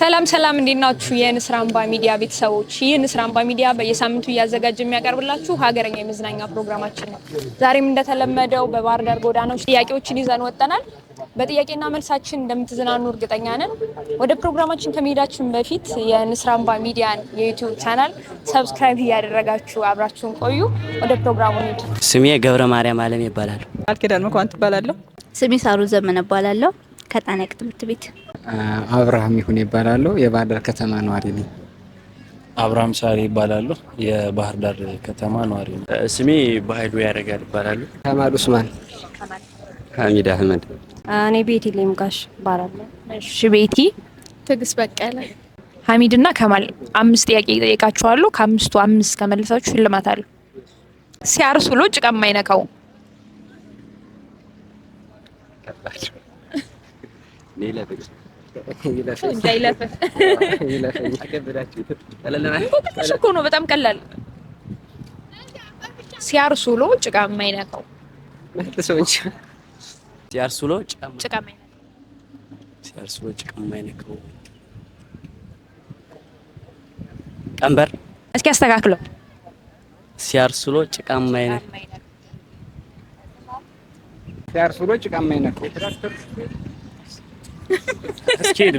ሰላም ሰላም፣ እንዴት ናችሁ? የንስር አምባ ሚዲያ ቤተሰቦች፣ ይህ ንስር አምባ ሚዲያ በየሳምንቱ እያዘጋጀ የሚያቀርብላችሁ ሀገረኛ የመዝናኛ ፕሮግራማችን ነው። ዛሬም እንደተለመደው በባህር ዳር ጎዳናዎች ጥያቄዎችን ይዘን ወጥተናል። በጥያቄና መልሳችን እንደምትዝናኑ እርግጠኛ ነን። ወደ ፕሮግራማችን ከመሄዳችን በፊት የንስር አምባ ሚዲያን የዩቲዩብ ቻናል ሰብስክራይብ እያደረጋችሁ አብራችሁን ቆዩ። ወደ ፕሮግራሙ ሄድ። ስሜ ገብረ ማርያም አለም ይባላል። አልኬዳን መኳን ትባላለሁ። ስሜ ሳሩ ዘመን እባላለሁ። ከጣናቅ ትምህርት ቤት። አብርሃም ይሁን ይባላለሁ። የባህር ዳር ከተማ ነዋሪ ነኝ። አብርሃም ሳሪ ይባላሉ። የባህር ዳር ከተማ ነዋሪ ነው። ስሜ በሀይሉ ያደርጋል ይባላሉ። ከማል ኡስማን፣ ሀሚድ አህመድ። እኔ ቤቲ ሌምጋሽ ይባላለሁ። እሺ ቤቲ፣ ትዕግስት በቀለ፣ ሀሚድ እና ከማል አምስት ጥያቄ ይጠይቃችኋሉ። ከአምስቱ አምስት ከመለሳችሁ ሽልማት አለ። ሲያርስ ውሎ ጭቃ የማይነካው እንቁቅልሽ እኮ ነው በጣም ቀላል። ሲያርሱ ውሎ ጭቃ የማይነካው ሲያርሱ ውሎ ጭቃ የማይነካው ቀንበር እስኪ አስተካክለው። ሲያርሱ ውሎ ጭቃ የማይነካው እስኪሄድ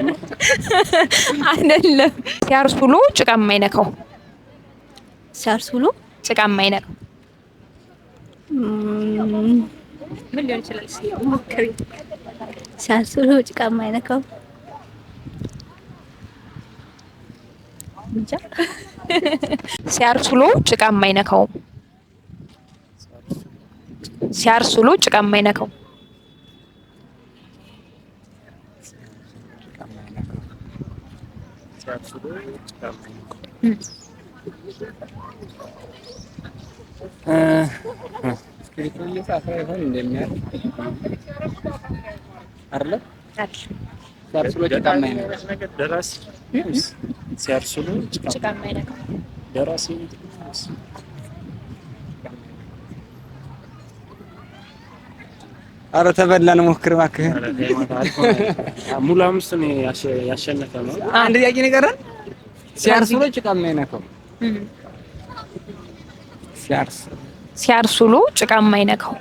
አይደለም። ሲያርሱሉ ጭቃ የማይነካው ጭቃ የማይነካው ምን ሊሆን ይችላል? ጭቃ የማይነካው ጭቃ የማይነካው ጭቃ የማይነካው ሲያርስሉ ጭቃማ አይነካም። ደራሲ አረ ተበላን። ሞክር እባክህ። ሙሉ አምስት ነው ያሸነፈ ነው። አንድ ጥያቄ ነው የቀረን። ሲያርሱ ነው ጭቃ የማይነካው? ሲያርሱ ሲያርሱ ነው ጭቃ የማይነካው?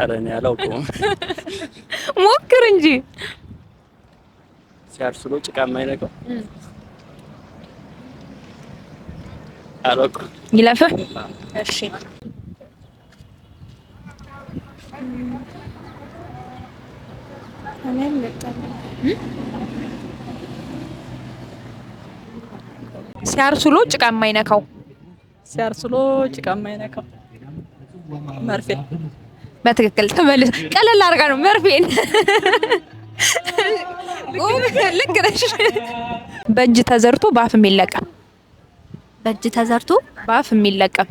አረ እኔ አላውቀውም። ሞክር እንጂ ሲያርሱ ነው ጭቃ የማይነካው? አላውቀውም ይለፈ እሺ። ሲያርሱሎ ጭቃ የማይነካው ሲያርሱሎ ጭቃ የማይነካው መርፌ በትክክል ተመልሶ ቀለል አድርጋ ነው መርፌን ልክ ነሽ። በእጅ ተዘርቶ በአፍ የሚለቀም በእጅ ተዘርቶ በአፍ የሚለቀም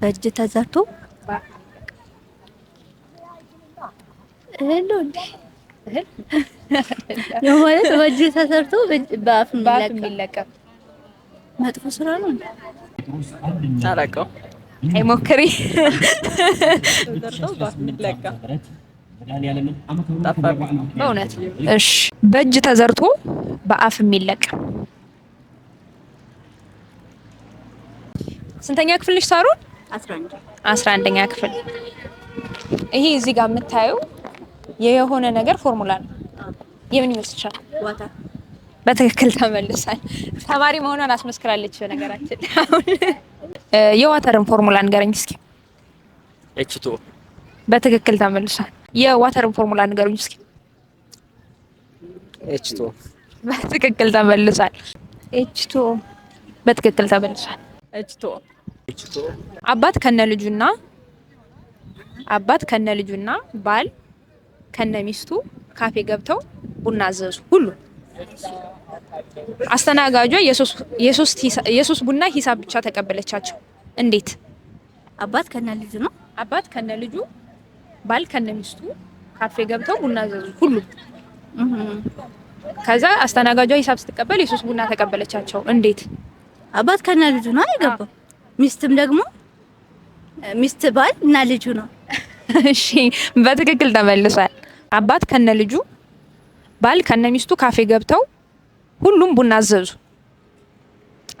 በእጅ ተዘርቶ እህል ነው ማለት በእጅ ተዘርቶ በአፍ የሚለቀም መጥፎ ስራ ነው። አላውቀውም። አይሞክሪ ተዘርቶ በአፍ የሚለቀም ጠበብ በእውነት እሺ። በእጅ ተዘርቶ በአፍ የሚለቅ ስንተኛ ክፍል ነሽ ሳሮን? አስራ አንደኛ ክፍል። ይሄ እዚህ ጋር የምታየው የሆነ ነገር ፎርሙላ ነው። የምን ይመስልሻል? በትክክል ተመልሳል። ተማሪ መሆኗን አስመስክራለች። በነገራችን አሁን የዋተርን ፎርሙላ ንገረኝ እስኪ። ኤች ቱ በትክክል ተመልሷል። የዋተርን ፎርሙላ ንገሩኝ እስኪ። ኤችቱ በትክክል ተመልሷል። ኤችቱ በትክክል ተመልሷል። ኤችቱ አባት ከነ ልጁና አባት ከነ ልጁና ባል ከነ ሚስቱ ካፌ ገብተው ቡና አዘዙ። ሁሉ አስተናጋጇ የሶስት ቡና ሂሳብ ብቻ ተቀበለቻቸው። እንዴት? አባት ከነ ልጁ ነው። አባት ከነ ልጁ ባል ከነሚስቱ ካፌ ገብተው ቡና ዘዙ ሁሉ። ከዛ አስተናጋጇ ሂሳብ ስትቀበል የሶስት ቡና ተቀበለቻቸው። እንዴት አባት ከነ ልጁ ነው አይገባም። ሚስትም ደግሞ ሚስት ባል እና ልጁ ነው። እሺ በትክክል ተመልሷል። አባት ከነ ልጁ ባል ከነ ሚስቱ ካፌ ገብተው ሁሉም ቡና አዘዙ።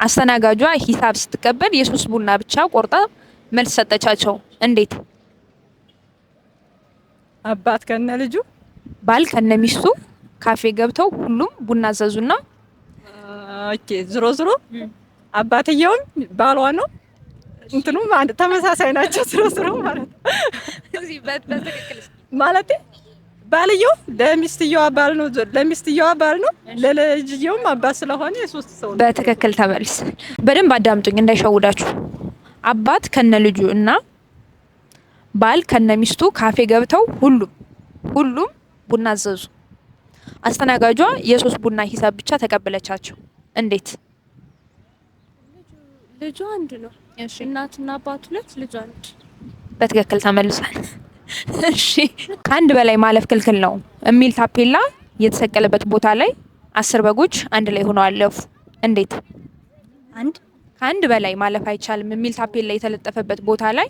አስተናጋጇ ሂሳብ ስትቀበል የሶስት ቡና ብቻ ቆርጣ መልስ ሰጠቻቸው። እንዴት አባት ከነ ልጁ ባል ከነ ሚስቱ ካፌ ገብተው ሁሉም ቡና አዘዙና ኦኬ ዝሮ ዝሮ አባትየውም ባሏ ነው እንትኑ ተመሳሳይ ናቸው። ዝሮ ዝሮ ማለት ማለት ባልየው ለሚስትየዋ ባል ነው፣ ለሚስትየዋ ባል ነው፣ ለልጅየውም አባት ስለሆነ የሶስት ሰው በትክክል ተመልስ። በደንብ አዳምጡኝ እንዳይሸውዳችሁ። አባት ከነ ልጁ እና ባል ከነሚስቱ ካፌ ገብተው ሁሉም ሁሉም ቡና አዘዙ። አስተናጋጇ የሶስት ቡና ሂሳብ ብቻ ተቀበለቻቸው። እንዴት? ልጁ አንድ ነው። እሺ፣ እናትና አባት ሁለት፣ ልጁ አንድ። በትክክል ተመልሷል። እሺ፣ ከአንድ በላይ ማለፍ ክልክል ነው የሚል ታፔላ የተሰቀለበት ቦታ ላይ አስር በጎች አንድ ላይ ሆነው አለፉ። እንዴት? አንድ ከአንድ በላይ ማለፍ አይቻልም የሚል ታፔላ የተለጠፈበት ቦታ ላይ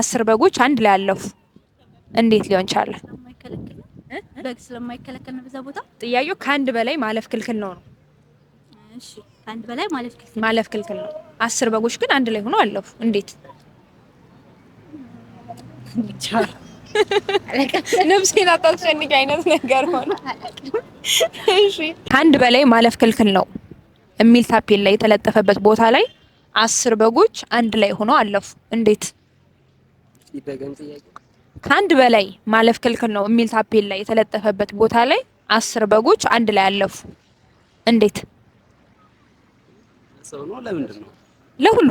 አስር በጎች አንድ ላይ አለፉ። እንዴት ሊሆን ቻለ? በግ ስለማይከለከል ነው። በዛ ቦታ ጥያቄው ከአንድ በላይ ማለፍ ክልክል ነው ነው። እሺ ከአንድ በላይ ማለፍ ክልክል ማለፍ ክልክል ነው። አስር በጎች ግን አንድ ላይ ሆኖ አለፉ። እንዴት? ነፍሴን አታስጨንቅ አይነት ነገር ሆነ። እሺ ከአንድ በላይ ማለፍ ክልክል ነው የሚል ታፔላ የተለጠፈበት ቦታ ላይ አስር በጎች አንድ ላይ ሆኖ አለፉ። እንዴት? ከአንድ በላይ ማለፍ ክልክል ነው የሚል ታፔላ የተለጠፈበት ቦታ ላይ አስር በጎች አንድ ላይ አለፉ። እንዴት? ለሁሉ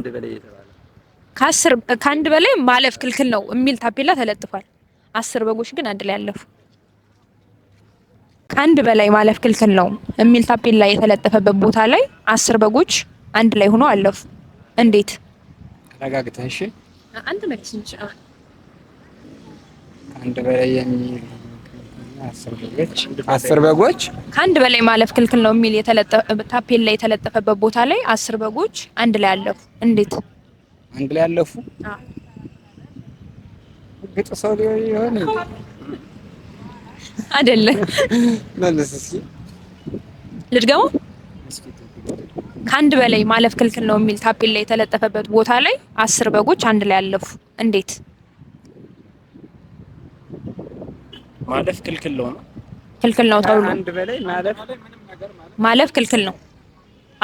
ከአንድ በላይ ማለፍ ክልክል ነው የሚል ታፔላ ተለጥፏል። አስር በጎች ግን አንድ ላይ አለፉ። ከአንድ በላይ ማለፍ ክልክል ነው የሚል ታፔላ የተለጠፈበት ቦታ ላይ አስር በጎች አንድ ላይ ሆኖ አለፉ። እንዴት? ተረጋግተህ እሺ። አንድ መልስ አንድ በላይ የሚል አስር በጎች ከአንድ በላይ ማለፍ ክልክል ነው የሚል ታፔል ላይ የተለጠፈበት ቦታ ላይ አስር በጎች አንድ ላይ አለፉ። እንዴት አንድ ላይ አለፉ? ግጥ ሰው ሊሆን አይደለም። መልስ እስኪ ልድገመው። ከአንድ በላይ ማለፍ ክልክል ነው የሚል ታፔል ላይ የተለጠፈበት ቦታ ላይ አስር በጎች አንድ ላይ አለፉ። እንዴት ማለፍ ክልክል ነው። ክልክል ነው ተብሎ አንድ በላይ ማለፍ ማለፍ ክልክል ነው።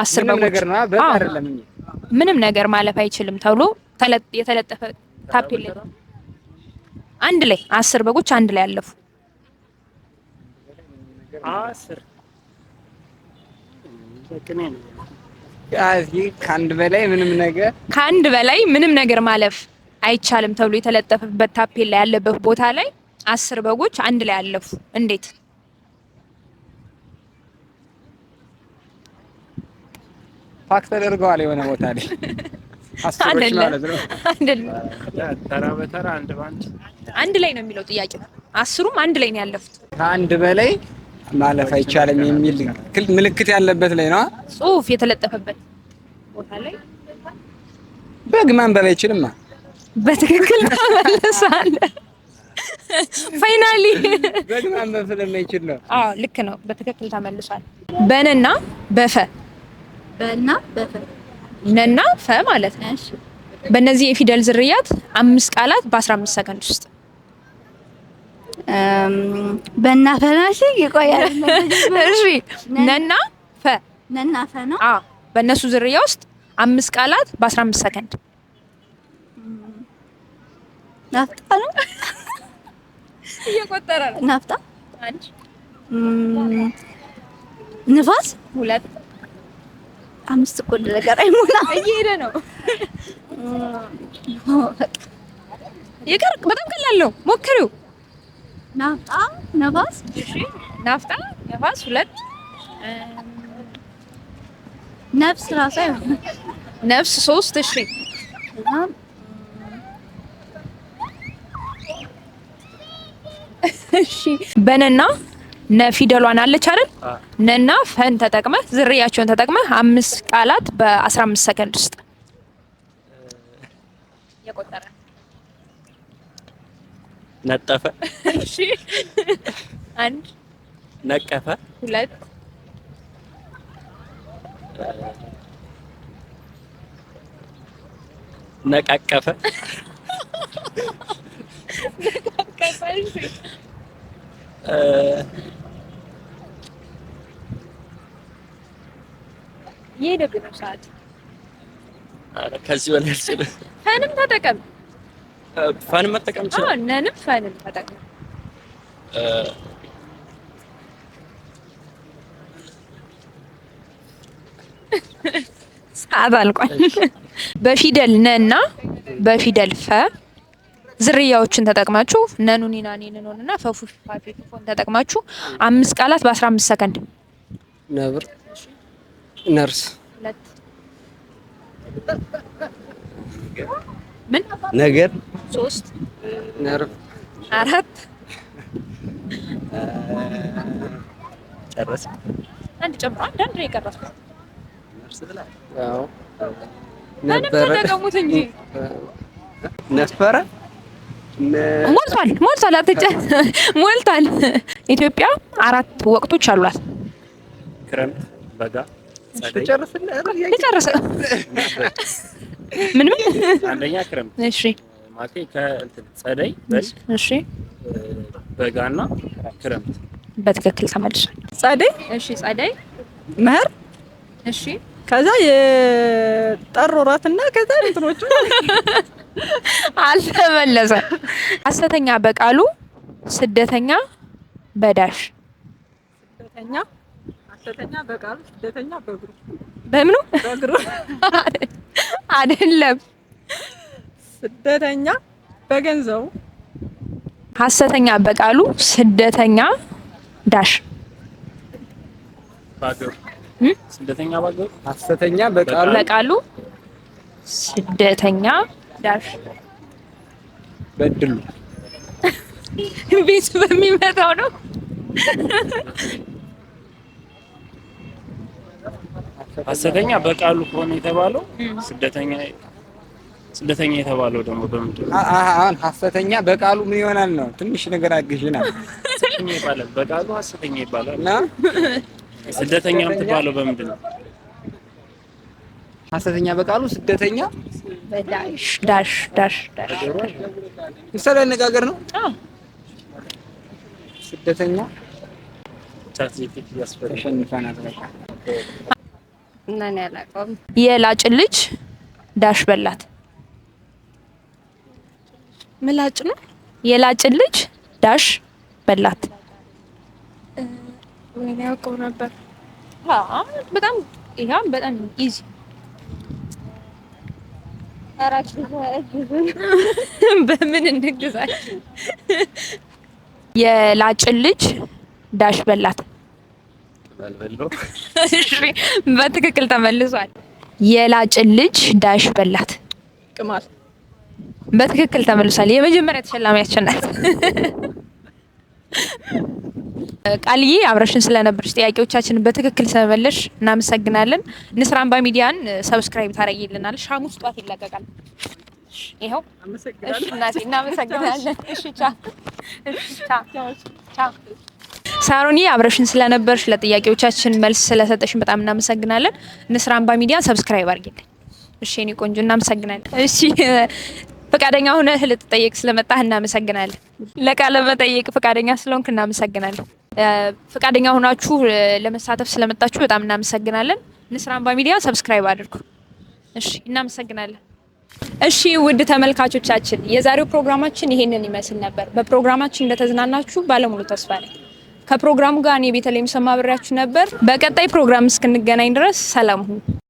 አስር በጎች ምንም ነገር ማለፍ አይችልም ተብሎ የተለጠፈ ታፔል ላይ አንድ ላይ አስር በጎች አንድ ላይ አለፉ። አስር ከአንድ በላይ ምንም ነገር ከአንድ በላይ ምንም ነገር ማለፍ አይቻልም ተብሎ የተለጠፈበት ታፔል ላይ ያለበት ቦታ ላይ አስር በጎች አንድ ላይ አለፉ። እንዴት? ፓክ ተደርገዋል የሆነ ቦታ ላይ ተራ በተራ አንድ በአንድ አንድ ላይ ነው የሚለው ጥያቄ። አስሩም አንድ ላይ ነው ያለፉት። ከአንድ በላይ ማለፍ አይቻልም የሚል ምልክት ያለበት ላይ ነው ጽሁፍ የተለጠፈበት ቦታ ላይ በግ ማንበብ አይችልም። በትክክል ተመልሳለህ። ፋይናሊ በግማመን ስለማይችል ነው። አዎ ልክ ነው። በትክክል ተመልሷል። በነና በፈ በና በፈ ነና ፈ ማለት ነው። በእነዚህ የፊደል ዝርያት አምስት ቃላት በ15 ሰከንድ ውስጥ በና ፈናሽ ይቆያል። እሺ ነና ፈ ነና ፈ ነው። አዎ በእነሱ ዝርያ ውስጥ አምስት ቃላት በ15 ሰከንድ ናፍጣ ነው። እየቆጠረ ነው። ናፍጣ አንድ፣ ንፋስ ሁለት፣ አምስት እኮ ነገር አይሞላ እየሄደ ነው። ይቅር፣ በጣም ቀላል ነው። ሞክሪው። ናፍጣ፣ ነፋስ፣ እሺ፣ ናፍጣ፣ ነፋስ ናፍጣ ነፋስ ሁለት ነፍስ ራሱ ነፍስ ሶስት፣ እሺ እሺ በነና ነፊደሏን አለች አይደል? ነና ፈን ተጠቅመ ዝርያቸውን ተጠቅመ አምስት ቃላት በ15 ሰከንድ ውስጥ የቆጠረ ነጠፈ። እሺ አንድ ነቀፈ፣ ሁለት ነቃቀፈ የሄደብህ ነው ሰዓት። ኧረ ከዚህ በላይ አልችልም። ፈንም ተጠቀም፣ ፈንም መጠቀም ይችላል። ነንም ፈንም ተጠቀም። ሰዓት አልቋል። በፊደል ነና በፊደል ፈ ዝርያዎችን ተጠቅማችሁ ነኑኒና ኒንኖን ኒንኖንና ፈፉፋፌፎን ተጠቅማችሁ አምስት ቃላት በአስራ አምስት ሰከንድ። ነብር፣ ነርስ፣ ምን፣ ነገር፣ ሶስት፣ ነርቭ፣ አራት ጨረስ አንድ ጨምሮ አንድ አንድ ነው ነበረ ነበረ ሞልቷል ሞልቷል አትጨ ሞልቷል። ኢትዮጵያ አራት ወቅቶች አሏት። ክረምት፣ በጋ፣ ጨርስ ምን ምን? አንደኛ ክረምት። እሺ ማለቴ ከእንትን ጸደይ፣ እሺ በጋና ክረምት። በትክክል ተመልሷል። ጸደይ፣ እሺ ጸደይ፣ መኸር፣ እሺ ከዛ የጠሮ ራትና ከዛ እንትኖቹ አልተመለሰ። ሐሰተኛ በቃሉ ስደተኛ በዳሽ ስደተኛ ሐሰተኛ በቃሉ ስደተኛ በእግሩ በምኑ በእግሩ አይደለም፣ ስደተኛ በገንዘቡ ሀሰተኛ በቃሉ ስደተኛ ዳሽ ስደተኛ ባገብ ሐሰተኛ በቃሉ በቃሉ ስደተኛ ዳሽ በድሉ ቤት በሚመጣው ነው። ሐሰተኛ በቃሉ ከሆነ የተባለው ስደተኛ ስደተኛ የተባለው ደግሞ በምንድን ነው? አሁን ሐሰተኛ በቃሉ ምን ይሆናል ነው? ትንሽ ነገር አግዥና። ሐሰተኛ ይባላል በቃሉ ሐሰተኛ ይባላል ስደተኛ የምትባለው በምንድን ነው? ሐሰተኛ በቃሉ ስደተኛ በዳሽ ዳሽ ዳሽ ዳሽ ምሳሌ አነጋገር ነው። አዎ ስደተኛ የላጭን ልጅ ዳሽ በላት። ምላጭ ነው። የላጭን ልጅ ዳሽ በላት። ወይ ያውቀው ነበር። በጣም ይሄ በጣም ኢዚ በምን እንግዛችሁ? የላጭን ልጅ ዳሽ በላት። በትክክል ተመልሷል። የላጭን ልጅ ዳሽ በላት። ቅማል። በትክክል ተመልሷል። የመጀመሪያ ተሸላሚ ያሸናል። ቃልዬ አብረሽን ስለነበርሽ ጥያቄዎቻችንን በትክክል ስለመለሽ እናመሰግናለን። ንስር አምባ ሚዲያን ሰብስክራይብ ታደርጊልናል። ሐሙስ ጧት ይለቀቃል። ይኸው እናመሰግናለን። ሳሮኒ አብረሽን ስለነበርሽ ለጥያቄዎቻችን መልስ ስለሰጠሽን በጣም እናመሰግናለን። ንስር አምባ ሚዲያን ሰብስክራይብ አድርጊልን። እሺ የኔ ቆንጆ እናመሰግናለን። እሺ ፈቃደኛ ሆነ ልትጠየቅ ስለመጣህ እናመሰግናለን። ለቃለ መጠየቅ ፈቃደኛ ስለሆንክ እናመሰግናለን። ፈቃደኛ ሆናችሁ ለመሳተፍ ስለመጣችሁ በጣም እናመሰግናለን። ንስር አምባ ሚዲያ ሰብስክራይብ አድርጉ። እሺ፣ እናመሰግናለን። እሺ ውድ ተመልካቾቻችን የዛሬው ፕሮግራማችን ይሄንን ይመስል ነበር። በፕሮግራማችን እንደተዝናናችሁ ባለሙሉ ተስፋ ነኝ። ከፕሮግራሙ ጋር እኔ ቤተልሔም ሰማ አብሬያችሁ ነበር። በቀጣይ ፕሮግራም እስክንገናኝ ድረስ ሰላም ሁኑ።